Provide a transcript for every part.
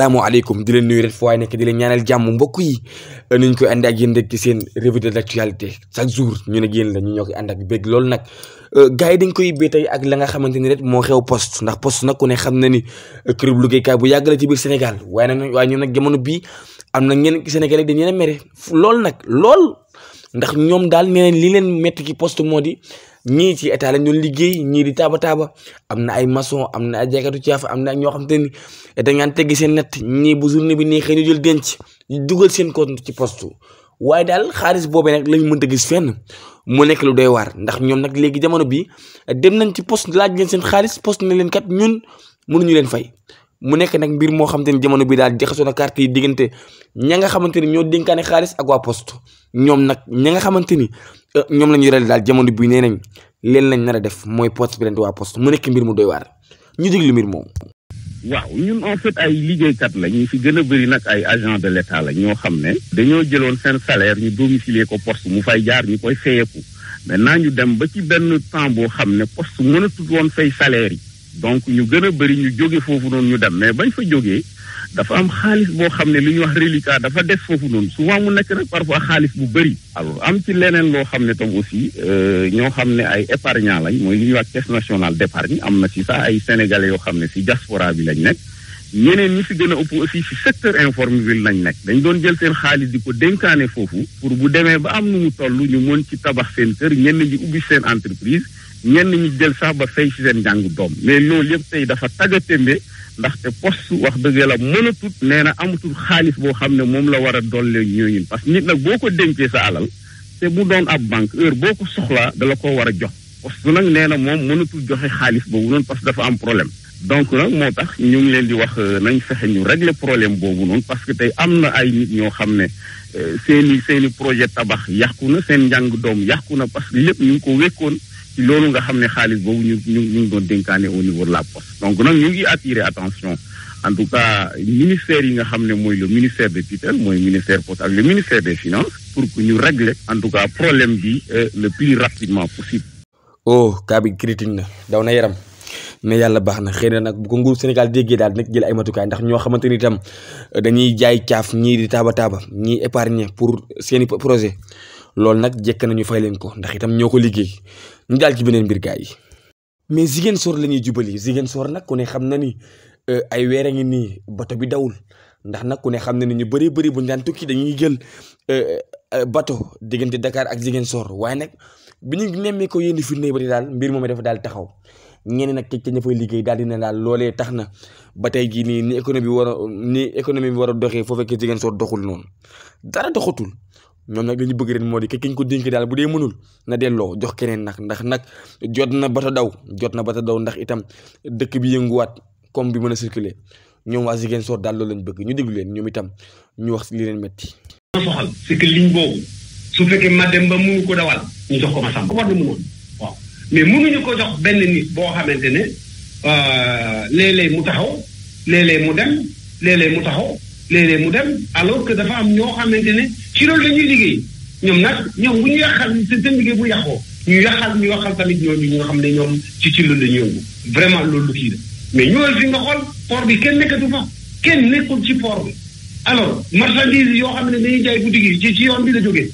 asalaamaaleykum di leen nuyu ret foo waay nekk di leen jàmm mbokk yi nuñ koy ànd ak yéen rek seen revue de l'actualité chaque jour ñu ne yéen la ñu ñoo koy ànd ak bëgg loolu nag euh, gars koy yóbbee ak la nga ni rek moo xew poste ndax poste nag ku ne xam na ni euh, kërub liggéeykaay bu yàgg la ci biir Sénégal waaye nag waaye ñun nag am na ñenn Sénégalais dañ leen a mere lool nag lool ndax ñoom daal nee nañ leen métti ci poste moo ñii ci état lañ doon liggéey ñii di taaba taaba am na ay maçon am na ay jaykatu caaf am na ñoo xam te ni dañ naan seen nett ñii bu ne bi neexee ñu jël denc dugal seen compte ci postu waaye daal xaalis boobee nag lañ mënta gis fenn mu nekk lu doy waar ndax ñoom nag léegi jamono bi dem nañ ci poste laaj leen seen xaalis post ne leen kat ñun mënuñu leen fay mu nekk nag mbir moo xamante ni jamono bi daal jaxasoo na carte yi diggante ñanga xamante ni ñoo dénkaane xaalis ak waa poste ñoom nag ña nga xamante ni euh, ñoom la ñu yoreel jamono bi nee nañ leen lañ nar a def mooy poste bi leen waa poste mu nekk mbir mu doy waar ñu déglu mbir moomu. waaw ñun en fait ay liggéeykat la ñu fi gën a bëri nag ay agent de l'état la ñoo xam ne dañoo jëloon seen salaire ñu domicilier ko poste mu fay jaar ñu koy fayeeku naa ñu dem ba ci benn temps boo xam ne poste mënatut woon fay salaire yi donc ñu gën a bëri ñu jóge foofu noonu ñu dem mais bañ fa jógee dafa am xaalis boo xam ne li ñuy wax reliquat dafa des foofu noonu souvent mu nekk nag parfois xaalis bu bëri. alors am ci leneen loo xam ne tam aussi euh, ñoo xam ne ay épargnants lañ mooy li ñuy wax caisse nationale d'épargne am na ci sax ay sénégalais yoo xam ne ci diaspora bi lañ nekk. ñeneen ñi si gën a si aussi ci secteur informel bi lañ nekk. dañ doon jël seen xaalis di ko dénkaane foofu. pour bu demee ba am nu mu toll ñu mën ci tabax seen ñenn ñi ubbi seen entreprise. ñenn ñi jël sax ba fay ci seen njàng doom mais loolu yëpp tey dafa taggatémbe ndaxte poste wax dëgg yàlla mënatul nee na amatul xaalis boo xam ne moom la war a dollee ñu parce que nit nag boo ko denkee sa alal te mu doon ab banque heure boo ko soxlaa dala ko war a jox poste nag nee na moom mënatul joxe xaalis boobu noonu parce que dafa am problème donc nag moo tax ñu ngi leen di wax euh, nañ fexe ñu régler problème boobu noonu parce que tey am na ay nit ñoo xam ne euh, seeni seeni projet tabax yàqu na seen njàng doom yàqu na parce que lépp ñu ngi ko wékkoon loolu nga xam ne xaalis boobu ñu ñu ñu ngi doon dénkaane au niveau de la poste donc nag ñu ngi attirer attention en tout cas ministère yi nga xam ne mooy le ministère de tutelle mooy ministère poste ak le ministère des finances pour que ñu régler en tout cas problème bi euh, le plus rapidement possible. oh cas bi critique na daw na yaram. mais yàlla baax na xëy na nag bu ko nguur Sénégal déggee daal dina jël ay matukaay ndax ñoo xamante ni itam euh, dañuy jaay caaf ñii di taaba taaba ñii épargner pour seeni projet loolu nag jekk nañu fay leen ko ndax itam ñoo ko liggéey ñu daal ci beneen mbir gaa yi mais Ziguinchor la ñuy jubali soor nag ko ne xam na ni euh, ay weer a ngi nii bato bi dawul ndax nag ku ne xam na ni ñu bëri bëri bu ñu daan dañuy jël euh, euh, bato diggante Dakar ak Ziguinchor waaye nag bi ñu nemmee ko yéen firnde yi ba daal mbir moom dafa daal taxaw. ñeneen nag teg ca ña fay liggéey daal dina daal loolee tax na ba tey jii nii ni économie bi war a ni économie bi war a doxee foo fekkee Ziguinchor doxul noonu dara doxatul ñoom nag li ñu bëgg ren moo di ki ñu ko dénk daal bu dee mënul na delloo jox keneen nag ndax nag jot na bata daw jot na bata daw ndax itam dëkk bi yënguwaat comme bi mën a circuler ñoom waa Ziguinchor daal loolu lañ bëgg ñu déglu leen ñoom itam ñu wax li leen metti soxal c'est que ligne boobu su fekkee ma dem ba mënu ko dawal ñu jox ko ma sàmm war na mënoon waaw mais mënuñu ko jox benn nit boo xamante ne euh, léeg-léeg mu taxaw léeg mu dem léeg mu taxaw léeg mu dem alors que dafa am ñoo xamante ci loolu dañuy liggéey ñoom nag ñoom bu ñu yàqal seen liggéey bu yàqoo ñu yàqal ñu yàqal tamit ñooñu ñi nga xam ne ñoom ci ci loolu la ñu yëngu vraiment loolu lu kii la mais ñëwal fi nga xool port bi kenn nekkatu fa kenn nekkul ci port bi alors marchandise yoo xam ne dañuy jaay boutique ci ci yoon bi la jógee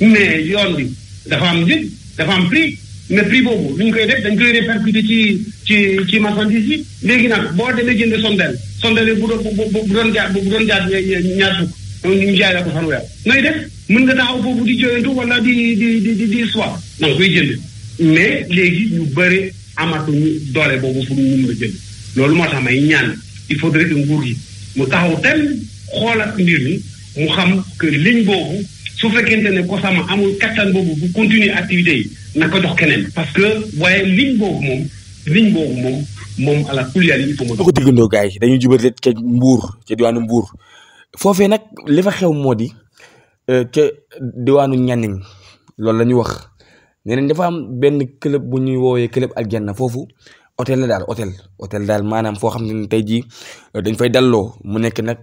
mais yoon bi dafa am njëg dafa am prix mais prix boobu lu ñu koy def dañ koy répercuté ci ci ci marchandise yi léegi nag boo demee jënd sondeel sondeel bu doon bu doon jaar bu doon jaar ñaar fukk ñoom ñu jaay la ko fanweer nooy def mën nga taxaw foofu di joyantu wala di di di di di soit da nga koy jënd mais léegi ñu bëri amatuñu doole boobu pour ñu mun a jënd loolu moo tax may ñaan il faut que nguur gi mu taxaw tel xoolaat mbir mi mu xam que liñ boobu su fekkente ne ko sama amul kattan boobu bu continuer activité yi na ko jox keneen parce que waaye liñ boobu moom liñ boobu moom moom ala kulli il faut ma. ko déggandoo gars yi dañuy te ca Mbour ca diwaanu Mbour. foofee nag li fa xew moo di euh, ca diwaanu ñaniñ loolu la ñu wax nee nañ dafa am benn club bu ñuy woowee club aljanna foofu hôtel la daal hôtel hôtel daal maanaam foo xam ne ni tey jii euh, dañ fay dalloo mu nekk nag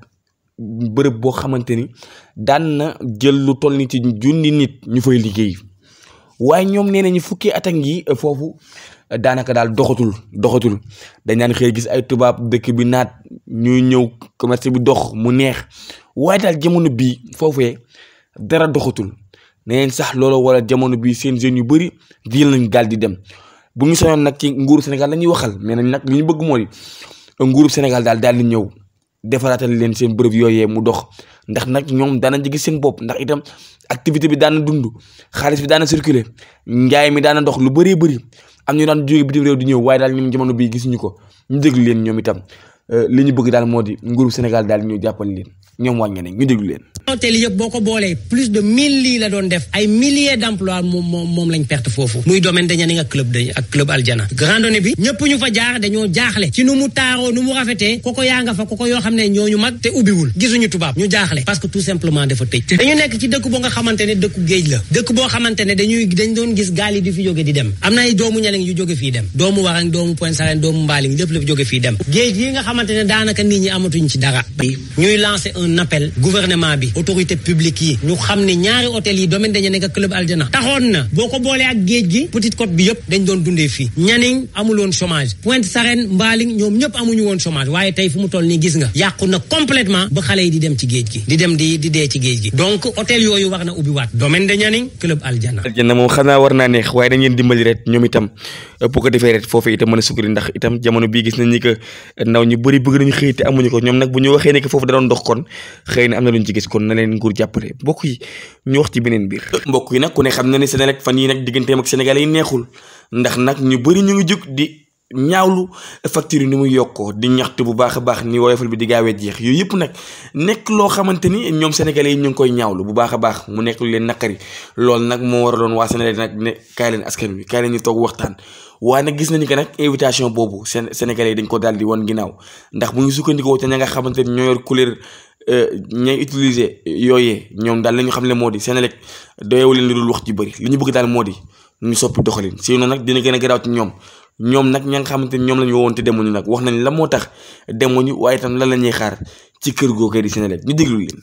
bërëb boo xamante ni daan na jël lu toll ni ci junni nit ñu fay liggéey waaye ñoom nee nañu fukki at foofu daanaka daal doxatul doxatul dañ daan xëy gis ay tubaab dëkk bi naat ñuy ñëw commerce bi dox mu neex waaye daal jamono bii foofee dara doxatul neen sax loolu wala jamono bii seen jeunes yu bëri di lañ gaal di dem bu ñu sonoon nag ci nguuru Sénégal la ñuy waxal mais nag ñu bëgg moo di nguuru daal daal di ñëw defaraatal leen seen bërëb yooyee mu dox ndax nag ñoom daana gis seen bopp ndax itam activité bi daana dund xaalis bi daana circuler njaay mi daana dox lu bëree bari am ñu daan jóge bitim réew di ñëw waaye daal ñoom jamono bii gisuñu ko ñu déglu leen ñoom itam euh, li ñu bëgg daal moo di nguuru Sénégal daal ñu jàppale leen ñoom wàññi nañ ñu déglu leen hôtel yëpp boo ko boolee plus de mille lii la doon def ay milliers d'emplois moom moom perte foofu muy domaine de Nianing ak club de ak club bi ñëpp ñu fa jaar dañoo jaaxle ci nu mu taaroo nu mu rafetee koko yaa nga fa koko yoo xam ne ñooñu mag te ubbiwul gisuñu tubaab ñu jaaxle parce que tout simplement dafa tëj dañu nekk ci dëkk boo nga xamante dëkku géej la dëkk boo xamante dañuy dañ doon gis gaal di fi jóge di dem am na ay doomu Nianing yu jóge fii dem doomu Warang doomu Pointe Sarène doomu bi autorité publique yi ñu xam ne ñaari hôtel yi domaine dañu nekk club aljana taxoon na boo ko boolee ak géej gi petite côte bi yëpp dañ doon dundee fii ñaniñ amul woon chômage Pointe Sarène ñoom ñëpp amuñu woon waaye tey fu mu toll nii gis nga yàqu na ba xale yi di dem ci géej gi donc hôtel yooyu war na ubbi waat domaine de ñaniñ club aljana aljana moom xanaa war naa neex waaye dañ dimbali rek ñoom itam bu ko a sukuri ndax itam jamono bii gis nañ ni que ndaw ñu bëri bëgg nañu xëy te amuñu ko ñoom nag bu ñu kon na leen nguur jàppale mbokk yi ñu wax ci beneen biir. mbokk yi nag ku ne xam na ne Senelec yi neexul ndax nag ñu bëri ñu ngi jug di. ñaawlu facture yi ni muy yokkoo di ñaxtu bu baax a baax ni woyofal bi di gaawee jeex yooyu yëpp nag nekk loo xamante ni ñoom sénégalais yi ñu ngi koy ñaawlu bu baax a baax mu nekk lu leen naqari loolu nag moo waraloon waa Sénégal nag ne kaay leen askan wi kaay leen ñu toog waxtaan waaye nag gis nañu que nag invitation boobu seen sénégalais yi dañ ko daal di wan ginnaaw ndax bu ñu sukkandikoo te Euh, ñay utiliser yooyee ñoom daal la ñu ne moo di Senelec doyewu leen lu dul wax ji bëri li ñu bëgg daal moo di ñu soppi doxalin sinon nag dina gën a garaaw ci ñoom ñoom nag ña nga ñoom la ñu woowoon te demuñu nag wax nañ la moo tax demuñu waaye itam lan la ñuy xaar ci kër googee di Senelec ñu déglu leen.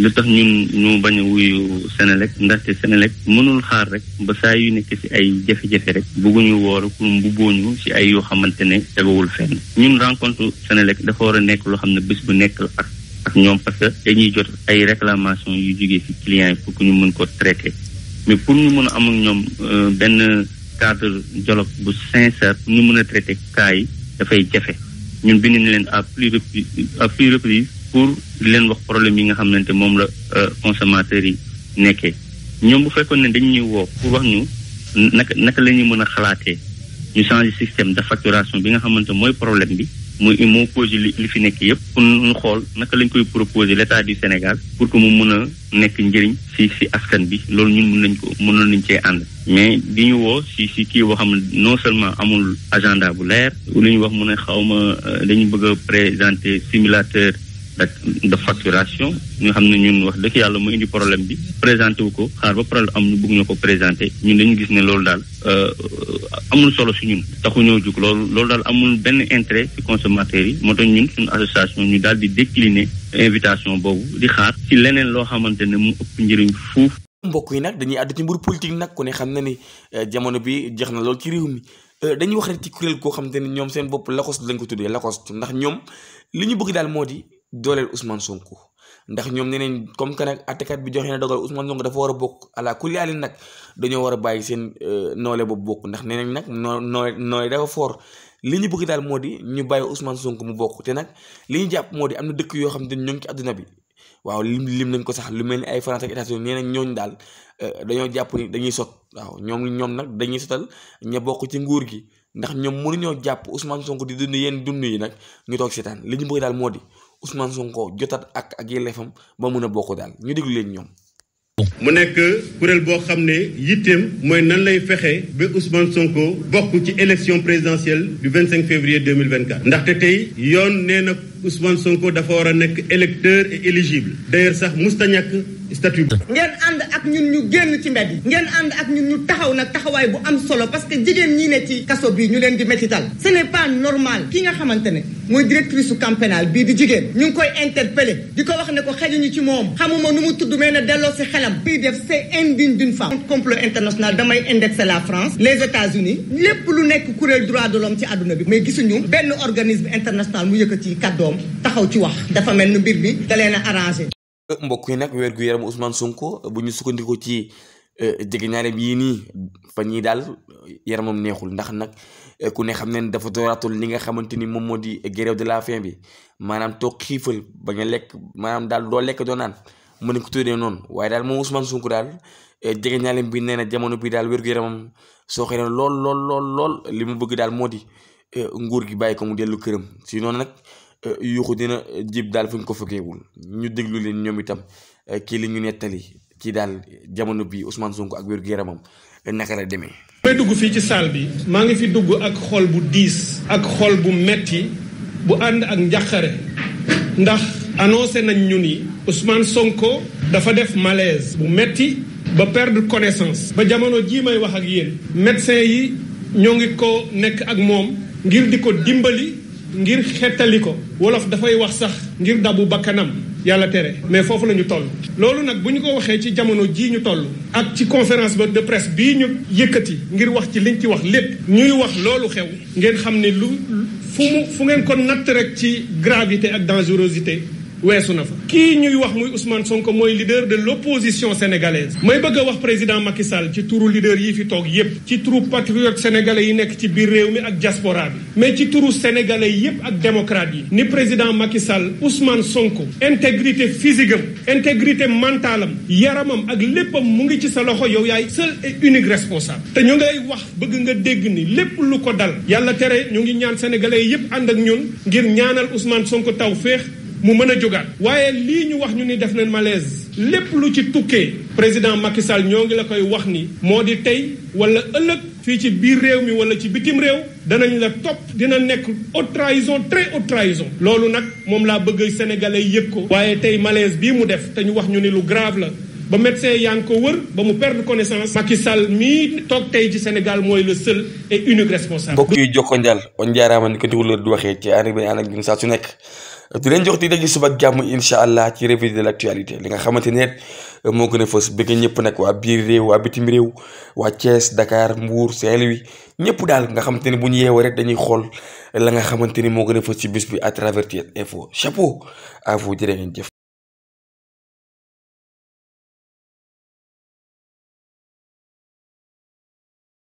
lu tax ñun ñu bañ a wuyu Senelec ndaxte Senelec mënul xaar rek ba saa yu nekk ci ay jafe-jafe rek bëgguñu wooru pour mbubbooñu ci ay yoo xamante ne tegawul fenn ñun rencontre ak ñoom parce que ñuy jot ay réclamations yu jógee ci clients yi pour que ñu mën ko traiter mais pour ñu mën a am ñoom euh, benn cadre dialogue bu sincère pour nu mën a traité kaa yi dafay jafe ñun bind nañ leen à plus à reprise pour di leen wax problème yi nga xamante moom la euh, consommateurs yi nekkee ñoom bu fekkoon ne dañuy woo pour wax ñu naka naka la ñuy mën a xalaatee ñu changer système de facturation bi nga xamante mooy problème bi mu mu projet li li fi nekk yëpp pour xool naka lañ koy proposer l'état du Sénégal pour que mu mun a nekk njëriñ si si askan bi loolu ñun mun nañ ko mënoon nañ cee ànd mais di ñu woo si si kii boo xam non seulement amul agenda bu leer lu ñu wax mu ne xaw ma euh, dañu bëgg a présenter simulateur rek de facturation ñu xam ne ñun wax dëkk yàlla mu indi problème bi présenté wu ko xaar ba problème am ñu bëgg ñu ko présenté ñun dañu gis ne loolu daal euh, amul solo si ñun taxu ñoo jug loolu loolu daal amul benn intérêt si consommateurs yi moo tax ñun suñu association ñu daal di décliner invitation boobu di xaar ci leneen loo xamante ne mu ëpp njëriñ fuuf mbokk yi nag dañuy àdd ci mburu politique nag ko ne xam na ni euh, jamono bi jeex na lool ci réew mi euh, dañuy wax rek ci kuréel koo xam te ñoom seen bopp lacoste lañ ko tuddee lacoste ndax ñoom li ñu bëgg daal moo di dooleel usman Sonko ndax ñoom nee comme que nag attekat bi joxe na dogal Ousmane Sonko dafa war a bokk àla kulyaali nag dañoo war a bàyyi seen euh, noole boobu bokk ndax nee nag noo noole noole dafa foor li ñu bëgg daal moo di ñu bàyyi Ousmane Sonko mu bokk nag li jàpp moo di am na dëkk yoo xam ne ñoo ngi ci adduna bi waaw lim lim nañ ko sax lu mel ni ay France ak États-Unis nee daal euh, dañoo jàpp dañuy sot waaw ñoom ñoom nag dañuy sotal ña bokk ci nguur gi ndax ñoom mënuñoo jàpp Ousmane Sonko di dund yenn dund yi nag ñu toog seetaan li ñu buggi daal moo di Ousmane Sonko jotat ak ak yelleefam ba mun a bokk daal ñu déglu leen ñoom. mu nekk kuréel boo xam ne yitteem mooy nan lay fexe ba Ousmane Sonko bokk ci élection présidentielle du 25 février 2024. ndaxte tey yoon nee na Ousmane Sonko dafa war a nekk électeur et éligible d'ailleurs sax musta ñàkk statut ngeen ànd ak ñun ñu génn ci mbedd yi ngeen ànd ak ñun ñu taxaw nag taxawaay bu am solo parce que jigéen ñi ne ci kaso bi ñu leen di métital ce n'est pas normal ki nga xamante ne mooy directrice su camp bii di jigéen ñu ngi koy interpellé di ko wax ne ko xajuñu ci moom xamuma nu mu tudd mee ne delloo si xelam bii def c'est indigne d'une femme damay indexé la France les États-Unis lépp lu nekk kuréel droit de l'homme ci àdduna bi mais gisuñu benn organisme international mu yëkkati kàddoom taxaw ci wax dafa mel ni mbir bi leen a arrangé mbokk yi nag weer gu yaram Ousmane Sonko bu ñu sukkandiku ci eh, jege ñaareem yii nii fa ñii daal yaramam neexul ndax nag eh, ku ne xam ne dafa dooraatul li nga xamante ni moom moo di grève de la fin bi maanaam toog xiifal ba nga lekk maanaam daal doo lekk doo naan mën nañ ko tuddee noonu waaye daal moom Ousmane Sonko daal eh, jege ñaareem bi nee na jamono bi daal weer gu yaramam soo na lool lool lool li mu bëgg daal moo di nguur gi bàyyi ko mu dellu këram si noonu nag. Euh, yuuxu dina euh, jib daal fu ñu ko fekkeewul ñu déglu leen ñoom itam euh, kii li ñu nettali kii daal jamono bii Ousmane Sonko ak wér-gu-yaramam naka la demee. may dugg fii ci salle bi maa ngi fi dugg ak xol bu diis. ak xol bu metti bu ànd ak njaqare ndax annoncé nañ ñu ni Ousmane Sonko dafa def malaise bu metti ba perdre connaissance. ba jamono jii may wax ak yéen. médecin yi ñoo ngi ko nekk ak moom ngir di ko dimbali. ngir xettali ko wolof dafay wax sax ngir dabu bakkanam yàlla tere mais foofu la ñu toll. loolu nag bu ñu ko waxee ci jamono jii ñu toll ak ci conférence ba de presse bii ñu yëkkati ngir wax ci liñ ci wax lépp ñuy wax loolu xew ngeen xam ne lu fu mu fu ngeen ko natt rek ci gravité ak dangerosité. weesu na fa kii ñuy wax muy Ousmane Sonko mooy leader de l'opposition sénégalaise may bëgg a wax président Macky ci turu leader yi fi toog yépp ci turu patriote sénégalais yi nekk ci biir réew mi ak diaspora bi mais ci turu sénégalais yépp ak démocrate yi ni président Macky Sall Ousmane Sonko intégrité physique am intégrité mentale am yaramam ak léppam mu ngi ci sa loxo yow yaay seul et unique responsable te ñu ngay wax bëgg nga dégg ni lépp lu ko dal yàlla tere ñu ngi ñaan sénégalais yépp ànd ak ñun ngir ñaanal Ousmane Sonko taw féex mu mën a jogaat waaye lii ñu wax ñu ni def nañ malaise lépp lu ci tukkee président Macky Sall ñoo ngi la koy wax ni moo di tey wala ëllëg fii ci biir réew mi wala ci bitim réew danañ la topp dina nekk haute trahison très haute trahison loolu nag moom laa bëgg sénégalais yëg ko waaye tey malaise bii mu def te ñu wax ñu ni lu grave la ba médecin yaa ngi ko wër ba mu perdre connaissance Macky Sall mii toog tey ci Sénégal mooy le seul et unique responsable mbokk yi jokko njal on jaaraama ni di waxee ci ànd bi ànd ak su nekk di leen jox di daje suba ak jàmm incha allah ci révise de l' actualité li nga xamante ne moo gën a fës bëgg ñëpp nag waa biir réew waa bitim réew waa Thiès Dakar Mbour Saint-Louis ñëpp daal nga xamante ne bu ñu rek dañuy xool la nga xamante ni moo gën a fës ci bis bi à travers Thiès Info chapeau à vous jërë jëf.